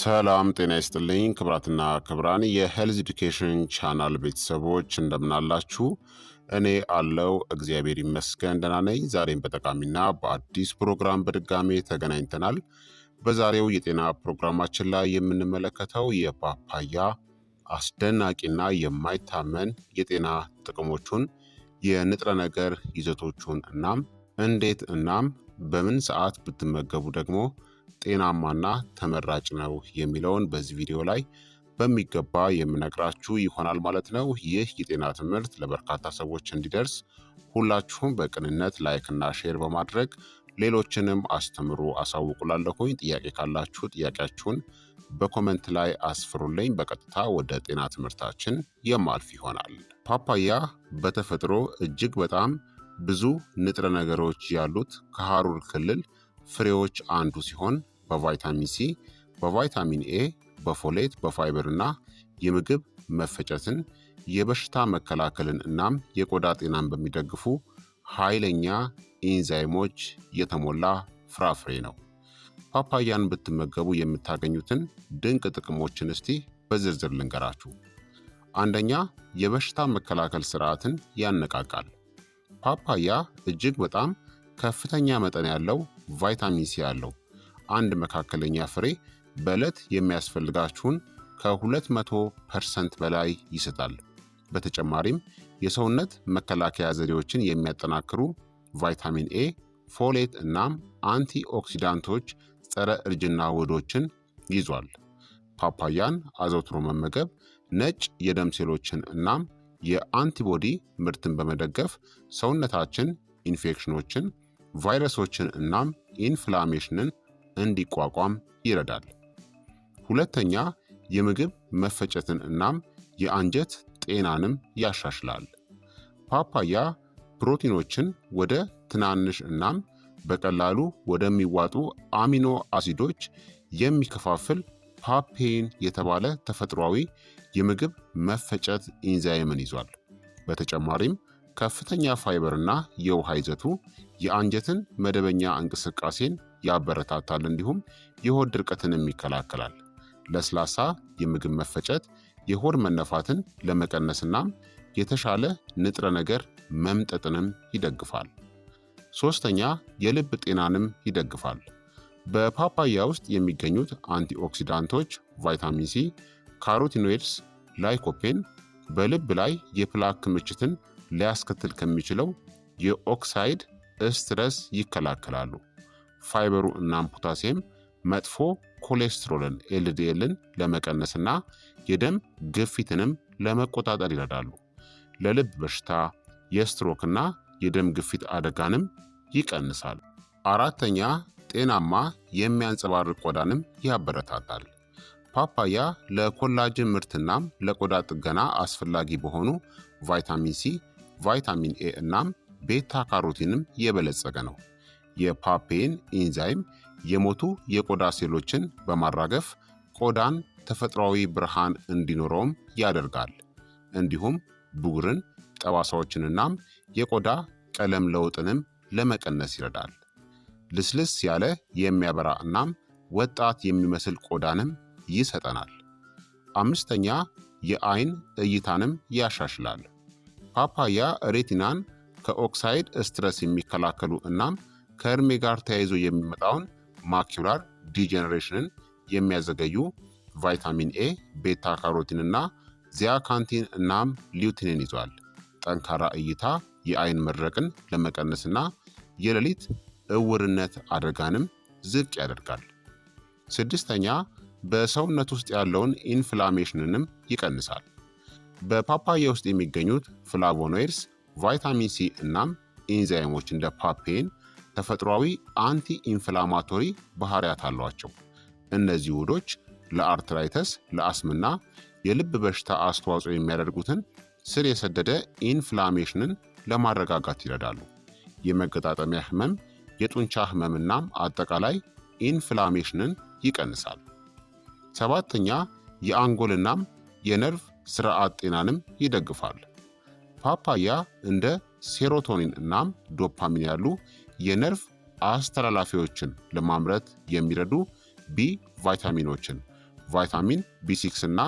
ሰላም ጤና ይስጥልኝ ክብራትና ክብራን የሄልዝ ኤዱኬሽን ቻናል ቤተሰቦች እንደምናላችሁ፣ እኔ አለው እግዚአብሔር ይመስገን ደህና ነኝ። ዛሬም በጠቃሚና በአዲስ ፕሮግራም በድጋሜ ተገናኝተናል። በዛሬው የጤና ፕሮግራማችን ላይ የምንመለከተው የፓፓያ አስደናቂና የማይታመን የጤና ጥቅሞቹን፣ የንጥረ ነገር ይዘቶቹን እናም እንዴት እናም በምን ሰዓት ብትመገቡ ደግሞ ጤናማና ተመራጭ ነው የሚለውን በዚህ ቪዲዮ ላይ በሚገባ የምነግራችሁ ይሆናል ማለት ነው። ይህ የጤና ትምህርት ለበርካታ ሰዎች እንዲደርስ ሁላችሁም በቅንነት ላይክና ሼር በማድረግ ሌሎችንም አስተምሩ አሳውቁላለሁኝ። ጥያቄ ካላችሁ ጥያቄያችሁን በኮመንት ላይ አስፍሩልኝ። በቀጥታ ወደ ጤና ትምህርታችን የማልፍ ይሆናል። ፓፓያ በተፈጥሮ እጅግ በጣም ብዙ ንጥረ ነገሮች ያሉት ከሐሩር ክልል ፍሬዎች አንዱ ሲሆን በቫይታሚን ሲ፣ በቫይታሚን ኤ፣ በፎሌት፣ በፋይበር እና የምግብ መፈጨትን የበሽታ መከላከልን እናም የቆዳ ጤናን በሚደግፉ ኃይለኛ ኢንዛይሞች የተሞላ ፍራፍሬ ነው። ፓፓያን ብትመገቡ የምታገኙትን ድንቅ ጥቅሞችን እስቲ በዝርዝር ልንገራችሁ። አንደኛ የበሽታ መከላከል ስርዓትን ያነቃቃል። ፓፓያ እጅግ በጣም ከፍተኛ መጠን ያለው ቫይታሚን ሲ አለው። አንድ መካከለኛ ፍሬ በዕለት የሚያስፈልጋችሁን ከ200 ፐርሰንት በላይ ይሰጣል። በተጨማሪም የሰውነት መከላከያ ዘዴዎችን የሚያጠናክሩ ቫይታሚን ኤ፣ ፎሌት እናም አንቲ ኦክሲዳንቶች ጸረ እርጅና ውህዶችን ይዟል። ፓፓያን አዘውትሮ መመገብ ነጭ የደም ሴሎችን እናም የአንቲቦዲ ምርትን በመደገፍ ሰውነታችን ኢንፌክሽኖችን ቫይረሶችን እናም ኢንፍላሜሽንን እንዲቋቋም ይረዳል። ሁለተኛ የምግብ መፈጨትን እናም የአንጀት ጤናንም ያሻሽላል። ፓፓያ ፕሮቲኖችን ወደ ትናንሽ እናም በቀላሉ ወደሚዋጡ አሚኖ አሲዶች የሚከፋፍል ፓፔን የተባለ ተፈጥሯዊ የምግብ መፈጨት ኢንዛይምን ይዟል። በተጨማሪም ከፍተኛ ፋይበርና የውሃ ይዘቱ የአንጀትን መደበኛ እንቅስቃሴን ያበረታታል፣ እንዲሁም የሆድ ድርቀትንም ይከላከላል። ለስላሳ የምግብ መፈጨት የሆድ መነፋትን ለመቀነስና የተሻለ ንጥረ ነገር መምጠጥንም ይደግፋል። ሶስተኛ የልብ ጤናንም ይደግፋል። በፓፓያ ውስጥ የሚገኙት አንቲኦክሲዳንቶች ቫይታሚን ሲ፣ ካሮቲኖይድስ፣ ላይኮፔን በልብ ላይ የፕላክ ክምችትን ሊያስከትል ከሚችለው የኦክሳይድ ስትረስ ይከላከላሉ። ፋይበሩ እናም ፖታሲየም መጥፎ ኮሌስትሮልን ኤልዲኤልን ለመቀነስና የደም ግፊትንም ለመቆጣጠር ይረዳሉ። ለልብ በሽታ የስትሮክና የደም ግፊት አደጋንም ይቀንሳል። አራተኛ ጤናማ የሚያንጸባርቅ ቆዳንም ያበረታታል። ፓፓያ ለኮላጅን ምርትናም ለቆዳ ጥገና አስፈላጊ በሆኑ ቫይታሚን ሲ ቫይታሚን ኤ እናም ቤታ ካሮቲንም የበለጸገ ነው። የፓፔን ኢንዛይም የሞቱ የቆዳ ሴሎችን በማራገፍ ቆዳን ተፈጥሯዊ ብርሃን እንዲኖረውም ያደርጋል። እንዲሁም ብጉርን፣ ጠባሳዎችንናም የቆዳ ቀለም ለውጥንም ለመቀነስ ይረዳል። ልስልስ ያለ የሚያበራ እናም ወጣት የሚመስል ቆዳንም ይሰጠናል። አምስተኛ የአይን እይታንም ያሻሽላል። ፓፓያ ሬቲናን ከኦክሳይድ ስትረስ የሚከላከሉ እናም ከእድሜ ጋር ተያይዞ የሚመጣውን ማኪውላር ዲጀነሬሽንን የሚያዘገዩ ቫይታሚን ኤ፣ ቤታ ካሮቲን እና ዚያካንቲን እናም ሊዩቲንን ይዟል። ጠንካራ እይታ፣ የአይን መድረቅን ለመቀነስና የሌሊት እውርነት አደጋንም ዝቅ ያደርጋል። ስድስተኛ በሰውነት ውስጥ ያለውን ኢንፍላሜሽንንም ይቀንሳል። በፓፓያ ውስጥ የሚገኙት ፍላቮኖይድስ፣ ቫይታሚን ሲ እናም ኢንዛይሞች እንደ ፓፔን ተፈጥሯዊ አንቲ ኢንፍላማቶሪ ባህሪያት አሏቸው። እነዚህ ውህዶች ለአርትራይተስ፣ ለአስምና የልብ በሽታ አስተዋጽኦ የሚያደርጉትን ስር የሰደደ ኢንፍላሜሽንን ለማረጋጋት ይረዳሉ። የመገጣጠሚያ ህመም፣ የጡንቻ ህመምናም አጠቃላይ ኢንፍላሜሽንን ይቀንሳል። ሰባተኛ የአንጎልናም የነርቭ ስርዓት ጤናንም ይደግፋል። ፓፓያ እንደ ሴሮቶኒን እናም ዶፓሚን ያሉ የነርቭ አስተላላፊዎችን ለማምረት የሚረዱ ቢ ቫይታሚኖችን፣ ቫይታሚን ቢ6 እና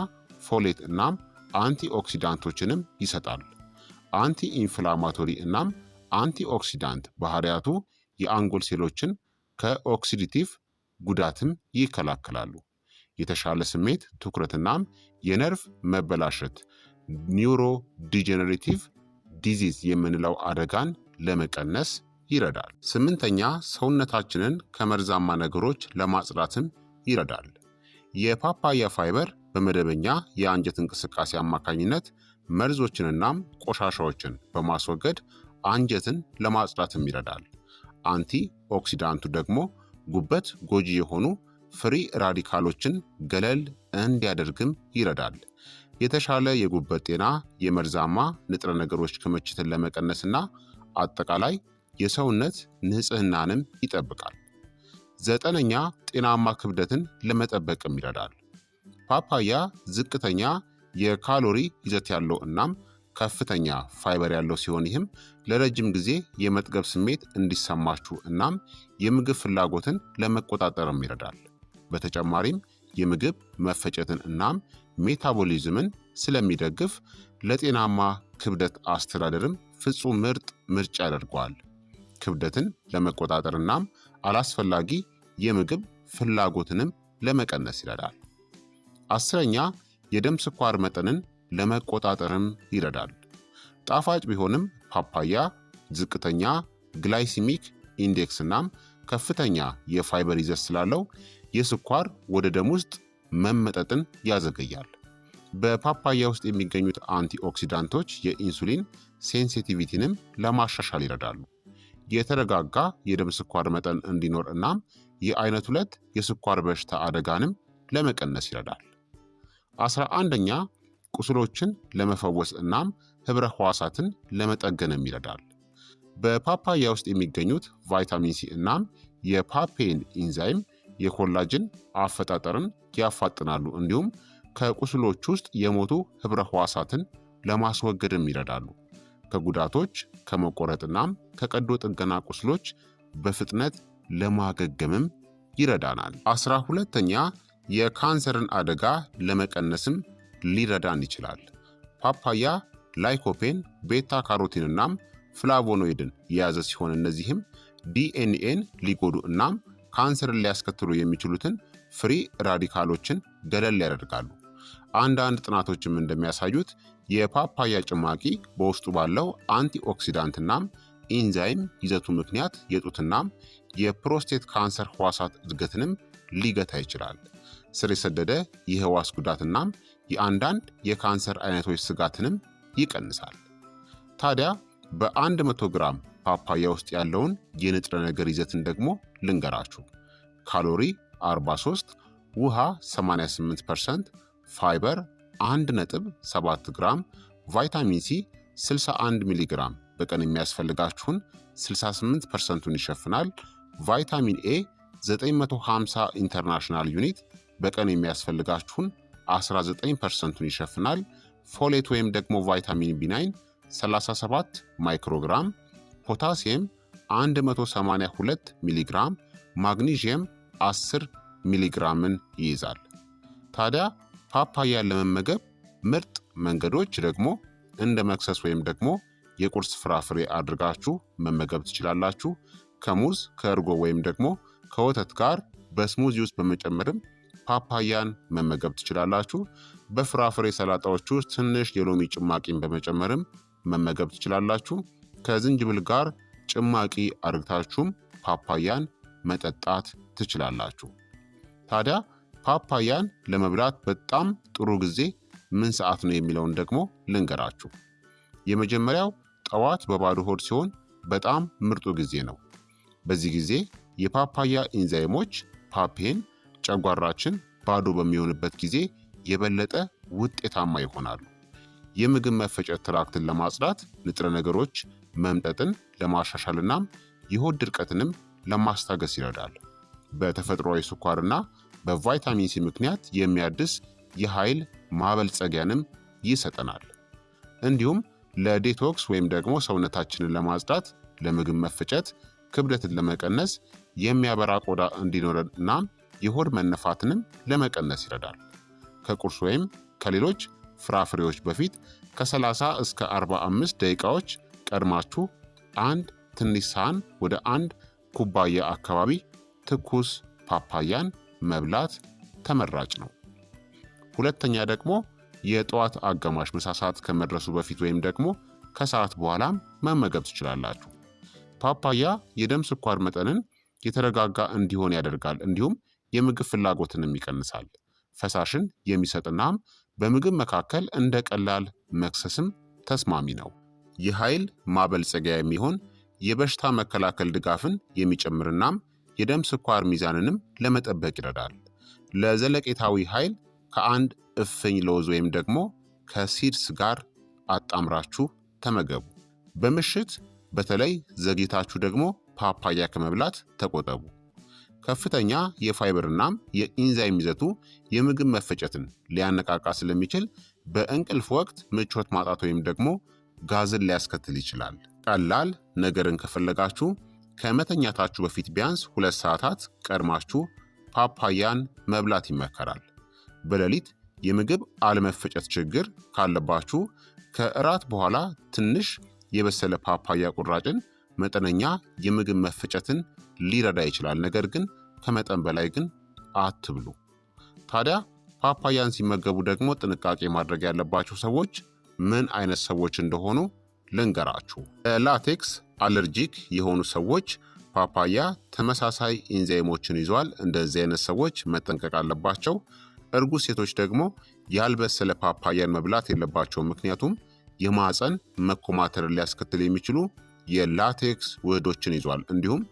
ፎሌት እናም አንቲኦክሲዳንቶችንም ይሰጣል። አንቲ ኢንፍላማቶሪ እናም አንቲኦክሲዳንት ባህሪያቱ የአንጎል ሴሎችን ከኦክሲዲቲቭ ጉዳትም ይከላከላሉ። የተሻለ ስሜት፣ ትኩረትናም የነርቭ መበላሸት ኒውሮ ዲጀነሬቲቭ ዲዚዝ የምንለው አደጋን ለመቀነስ ይረዳል። ስምንተኛ ሰውነታችንን ከመርዛማ ነገሮች ለማጽዳትም ይረዳል። የፓፓያ ፋይበር በመደበኛ የአንጀት እንቅስቃሴ አማካኝነት መርዞችንናም ቆሻሻዎችን በማስወገድ አንጀትን ለማጽዳትም ይረዳል። አንቲ ኦክሲዳንቱ ደግሞ ጉበት ጎጂ የሆኑ ፍሪ ራዲካሎችን ገለል እንዲያደርግም ይረዳል። የተሻለ የጉበት ጤና የመርዛማ ንጥረ ነገሮች ክምችትን ለመቀነስና አጠቃላይ የሰውነት ንጽህናንም ይጠብቃል። ዘጠነኛ ጤናማ ክብደትን ለመጠበቅም ይረዳል። ፓፓያ ዝቅተኛ የካሎሪ ይዘት ያለው እናም ከፍተኛ ፋይበር ያለው ሲሆን ይህም ለረጅም ጊዜ የመጥገብ ስሜት እንዲሰማችሁ እናም የምግብ ፍላጎትን ለመቆጣጠርም ይረዳል። በተጨማሪም የምግብ መፈጨትን እናም ሜታቦሊዝምን ስለሚደግፍ ለጤናማ ክብደት አስተዳደርም ፍጹም ምርጥ ምርጫ ያደርገዋል። ክብደትን ለመቆጣጠር እናም አላስፈላጊ የምግብ ፍላጎትንም ለመቀነስ ይረዳል። አስረኛ የደም ስኳር መጠንን ለመቆጣጠርም ይረዳል። ጣፋጭ ቢሆንም ፓፓያ ዝቅተኛ ግላይሲሚክ ኢንዴክስ እናም ከፍተኛ የፋይበር ይዘት ስላለው የስኳር ወደ ደም ውስጥ መመጠጥን ያዘገያል። በፓፓያ ውስጥ የሚገኙት አንቲኦክሲዳንቶች የኢንሱሊን ሴንሲቲቪቲንም ለማሻሻል ይረዳሉ። የተረጋጋ የደም ስኳር መጠን እንዲኖር እናም የአይነት ሁለት የስኳር በሽታ አደጋንም ለመቀነስ ይረዳል። አስራ አንደኛ ቁስሎችን ለመፈወስ እናም ህብረ ህዋሳትን ለመጠገንም ይረዳል። በፓፓያ ውስጥ የሚገኙት ቫይታሚን ሲ እናም የፓፔን ኢንዛይም የኮላጅን አፈጣጠርን ያፋጥናሉ። እንዲሁም ከቁስሎች ውስጥ የሞቱ ህብረ ህዋሳትን ለማስወገድም ይረዳሉ። ከጉዳቶች ከመቆረጥናም ከቀዶ ጥገና ቁስሎች በፍጥነት ለማገገምም ይረዳናል። አስራ ሁለተኛ የካንሰርን አደጋ ለመቀነስም ሊረዳን ይችላል። ፓፓያ ላይኮፔን፣ ቤታ ካሮቲን እናም ፍላቮኖይድን የያዘ ሲሆን እነዚህም ዲኤንኤን ሊጎዱ እናም ካንሰርን ሊያስከትሉ የሚችሉትን ፍሪ ራዲካሎችን ገለል ያደርጋሉ። አንዳንድ ጥናቶችም እንደሚያሳዩት የፓፓያ ጭማቂ በውስጡ ባለው አንቲኦክሲዳንትናም ኢንዛይም ይዘቱ ምክንያት የጡትናም የፕሮስቴት ካንሰር ህዋሳት እድገትንም ሊገታ ይችላል። ስር የሰደደ የህዋስ ጉዳትናም የአንዳንድ የካንሰር አይነቶች ስጋትንም ይቀንሳል። ታዲያ በ100 ግራም ፓፓያ ውስጥ ያለውን የንጥረ ነገር ይዘትን ደግሞ ልንገራችሁ። ካሎሪ 43፣ ውሃ 88 ፐርሰንት፣ ፋይበር 1.7 ግራም፣ ቫይታሚን ሲ 61 ሚሊ ግራም በቀን የሚያስፈልጋችሁን 68 ፐርሰንቱን ይሸፍናል። ቫይታሚን ኤ 950 ኢንተርናሽናል ዩኒት በቀን የሚያስፈልጋችሁን 19 ፐርሰንቱን ይሸፍናል። ፎሌት ወይም ደግሞ ቫይታሚን ቢ9 37 ማይክሮግራም፣ ፖታሲየም 182 ሚሊግራም፣ ማግኒዥየም 10 ሚሊግራምን ይይዛል። ታዲያ ፓፓያን ለመመገብ ምርጥ መንገዶች ደግሞ እንደ መክሰስ ወይም ደግሞ የቁርስ ፍራፍሬ አድርጋችሁ መመገብ ትችላላችሁ። ከሙዝ ከእርጎ ወይም ደግሞ ከወተት ጋር በስሙዚ ውስጥ በመጨመርም ፓፓያን መመገብ ትችላላችሁ። በፍራፍሬ ሰላጣዎች ውስጥ ትንሽ የሎሚ ጭማቂን በመጨመርም መመገብ ትችላላችሁ። ከዝንጅብል ጋር ጭማቂ አርግታችሁም ፓፓያን መጠጣት ትችላላችሁ። ታዲያ ፓፓያን ለመብላት በጣም ጥሩ ጊዜ ምን ሰዓት ነው የሚለውን ደግሞ ልንገራችሁ። የመጀመሪያው ጠዋት በባዶ ሆድ ሲሆን በጣም ምርጡ ጊዜ ነው። በዚህ ጊዜ የፓፓያ ኢንዛይሞች ፓፔን ጨጓራችን ባዶ በሚሆንበት ጊዜ የበለጠ ውጤታማ ይሆናሉ። የምግብ መፈጨት ትራክትን ለማጽዳት ንጥረ ነገሮች መምጠጥን ለማሻሻልና የሆድ ድርቀትንም ለማስታገስ ይረዳል። በተፈጥሯዊ ስኳርና በቫይታሚን ሲ ምክንያት የሚያድስ የኃይል ማበልጸጊያንም ይሰጠናል። እንዲሁም ለዴቶክስ ወይም ደግሞ ሰውነታችንን ለማጽዳት፣ ለምግብ መፈጨት፣ ክብደትን ለመቀነስ፣ የሚያበራ ቆዳ እንዲኖረን እናም የሆድ መነፋትንም ለመቀነስ ይረዳል። ከቁርስ ወይም ከሌሎች ፍራፍሬዎች በፊት ከ30 እስከ 45 ደቂቃዎች ቀድማችሁ አንድ ትንሽ ሳህን ወደ አንድ ኩባያ አካባቢ ትኩስ ፓፓያን መብላት ተመራጭ ነው። ሁለተኛ ደግሞ የጠዋት አጋማሽ ምሳ ሰዓት ከመድረሱ በፊት ወይም ደግሞ ከሰዓት በኋላም መመገብ ትችላላችሁ። ፓፓያ የደም ስኳር መጠንን የተረጋጋ እንዲሆን ያደርጋል። እንዲሁም የምግብ ፍላጎትንም ይቀንሳል። ፈሳሽን የሚሰጥናም በምግብ መካከል እንደ ቀላል መክሰስም ተስማሚ ነው። የኃይል ማበልጸጊያ የሚሆን የበሽታ መከላከል ድጋፍን የሚጨምርናም የደም ስኳር ሚዛንንም ለመጠበቅ ይረዳል። ለዘለቄታዊ ኃይል ከአንድ እፍኝ ለውዝ ወይም ደግሞ ከሲድስ ጋር አጣምራችሁ ተመገቡ። በምሽት በተለይ ዘግይታችሁ ደግሞ ፓፓያ ከመብላት ተቆጠቡ። ከፍተኛ የፋይበርናም የኢንዛይም ይዘቱ የምግብ መፈጨትን ሊያነቃቃ ስለሚችል በእንቅልፍ ወቅት ምቾት ማጣት ወይም ደግሞ ጋዝን ሊያስከትል ይችላል። ቀላል ነገርን ከፈለጋችሁ ከመተኛታችሁ በፊት ቢያንስ ሁለት ሰዓታት ቀድማችሁ ፓፓያን መብላት ይመከራል። በሌሊት የምግብ አለመፈጨት ችግር ካለባችሁ ከእራት በኋላ ትንሽ የበሰለ ፓፓያ ቁራጭን መጠነኛ የምግብ መፈጨትን ሊረዳ ይችላል። ነገር ግን ከመጠን በላይ ግን አትብሉ። ታዲያ ፓፓያን ሲመገቡ ደግሞ ጥንቃቄ ማድረግ ያለባቸው ሰዎች ምን አይነት ሰዎች እንደሆኑ ልንገራችሁ። ለላቴክስ አለርጂክ የሆኑ ሰዎች ፓፓያ ተመሳሳይ ኢንዛይሞችን ይዟል። እንደዚህ አይነት ሰዎች መጠንቀቅ አለባቸው። እርጉዝ ሴቶች ደግሞ ያልበሰለ ፓፓያን መብላት የለባቸውም። ምክንያቱም የማፀን መኮማተር ሊያስከትል የሚችሉ የላቴክስ ውህዶችን ይዟል። እንዲሁም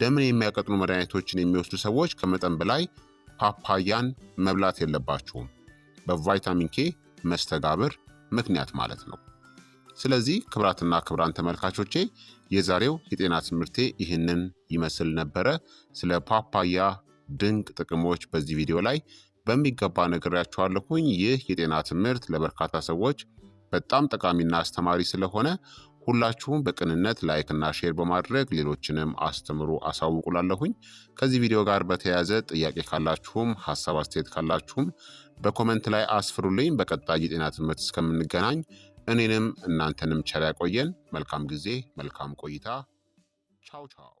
ደምን የሚያቀጥኑ መድኃኒቶችን የሚወስዱ ሰዎች ከመጠን በላይ ፓፓያን መብላት የለባቸውም። በቫይታሚን ኬ መስተጋብር ምክንያት ማለት ነው። ስለዚህ ክብራትና ክብራን ተመልካቾቼ የዛሬው የጤና ትምህርቴ ይህንን ይመስል ነበረ። ስለ ፓፓያ ድንቅ ጥቅሞች በዚህ ቪዲዮ ላይ በሚገባ ነግሬያችኋለሁኝ። ይህ የጤና ትምህርት ለበርካታ ሰዎች በጣም ጠቃሚና አስተማሪ ስለሆነ ሁላችሁም በቅንነት እና ሼር በማድረግ ሌሎችንም አስተምሩ አሳውቁላለሁኝ። ከዚህ ቪዲዮ ጋር በተያያዘ ጥያቄ ካላችሁም ሀሳብ አስተያየት ካላችሁም በኮመንት ላይ አስፍሩልኝ። በቀጣይ የጤና ትምህርት እስከምንገናኝ እኔንም እናንተንም ቸር ያቆየን። መልካም ጊዜ፣ መልካም ቆይታ። ቻው ቻው